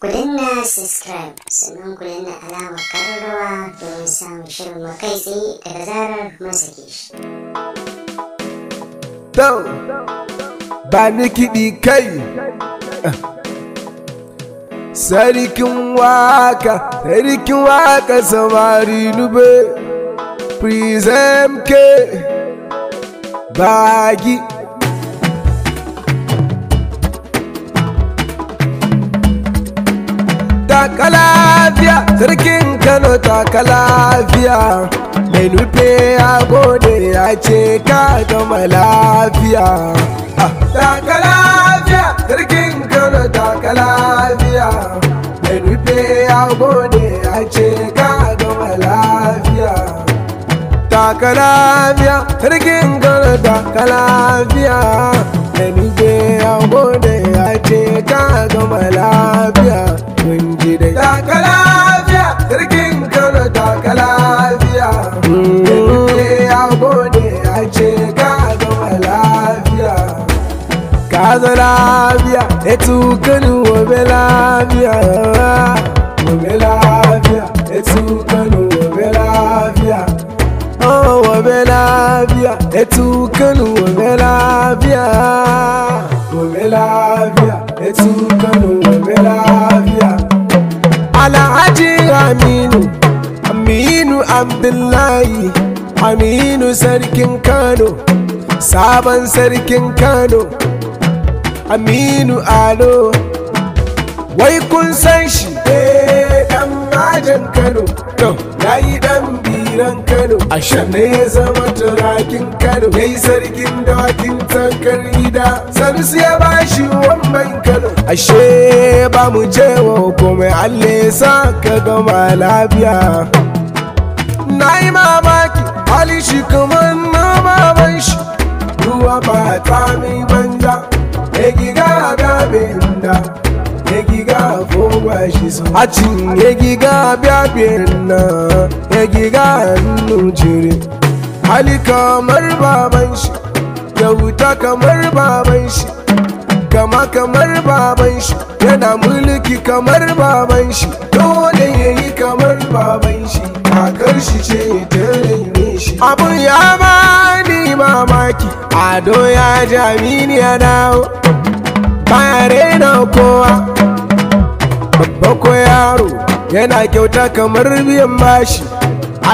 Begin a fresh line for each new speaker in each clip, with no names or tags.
Ku na subscribe sannan ku dinna alamar ƙararrawa domin samun shirin kai tsaye daga zarar mun sake shi. To, ba ni kiɗi kai. Sarkin waka, sarkin waka samari nube, Prism ke bagi. taka lafiya sarkin kano taka lafiya mai nufe ya gode ya ce ka gama lafiya ah, taka lafiya sarkin kano taka lafiya mai nufe ya gode ya ce ka gama lafiya taka lafiya sarkin kano taka lafiya mai Kaza lafiya, etu kanu wabe lafiya, wabe lafiya, etu kanu wabe lafiya, oh wabe lafiya, etu kanu wabe lafiya, wabe lafiya, etu kanu wabe lafiya. Alhaji Aminu. abdullahi aminu sarkin kano sabon sarkin kano aminu ado wai kun san shi eh, dan majan kano ya yi dan biran kano ashe ne ya zama turakin kano yayi sarkin dawakin tankar gida Sarsu ya ba shi kano ashe ba mu jewa komai allah ya sa ka gama lafiya na yi mamaki hali shi kamar na baban shi ruwa ba ta mai banza ya giga ga benda ya giga kowa shi so a cin ya giga biya biyan na ya giga nnu jire hali kamar baban shi ya wuta kamar baban shi kama kamar baban shi yana mulki kamar baban shi dole ya yi kamar baban shi kakar shi ce ta raine shi abun ya bani mamaki ado ya jami ya dawo baya raina kowa babba ko yaro yana kyauta kamar biyan bashi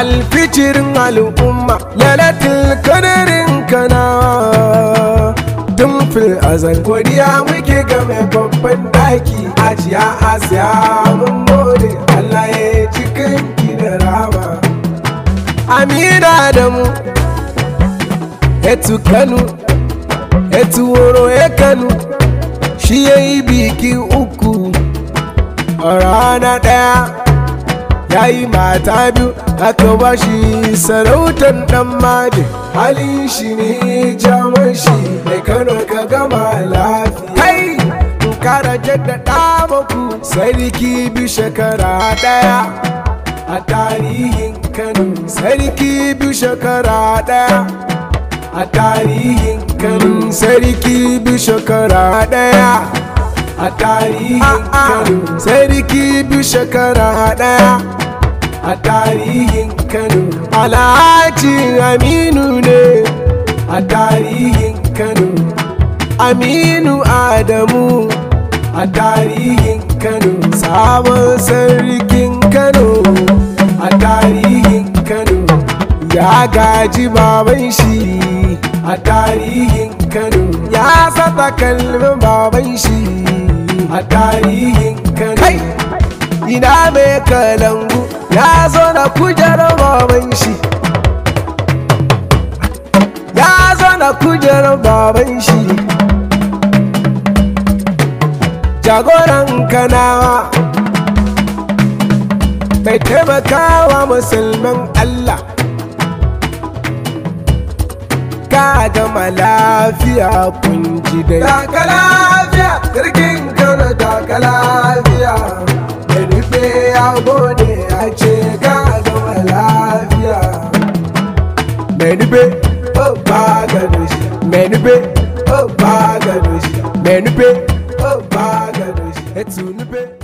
alfitirin al'umma lalatul kadarin kana tun azan Kodiya muke game babban daki ajiya asiya adamu etu kanu etu woro ekanu shi ya yi biki uku a rana ɗaya ya yi mata biyu aka ba shi sarautar ɗan madi halin shi ne jaman shi da kano ka gama lafiya kai kara jaddada maku sarki bi shekara ɗaya a tarihin kano sarki bi shekara daya a tarihin kano sarki bi shekara daya a tarihin kano sarki bi shekara daya a tarihin kano alhaji aminu ne a tarihin kano aminu adamu a tarihin kano sabon sarkin kano ya gaji baban shi a tarihin kano ya sata kalmin baban shi a tarihin kano ina mai kalangu ya zo na kujerar baban shi ya zo na kujerar baban shi jagoran kanawa mai wa musulman allah ya gama lafiya kun ji dai daga lafiya jirgin gano daga lafiya da rufe ya ne a ce ga gama lafiya mai rufe babba oh, gano shi mai rufe babba oh, gano shi mai rufe babba oh, gano shi etu rufe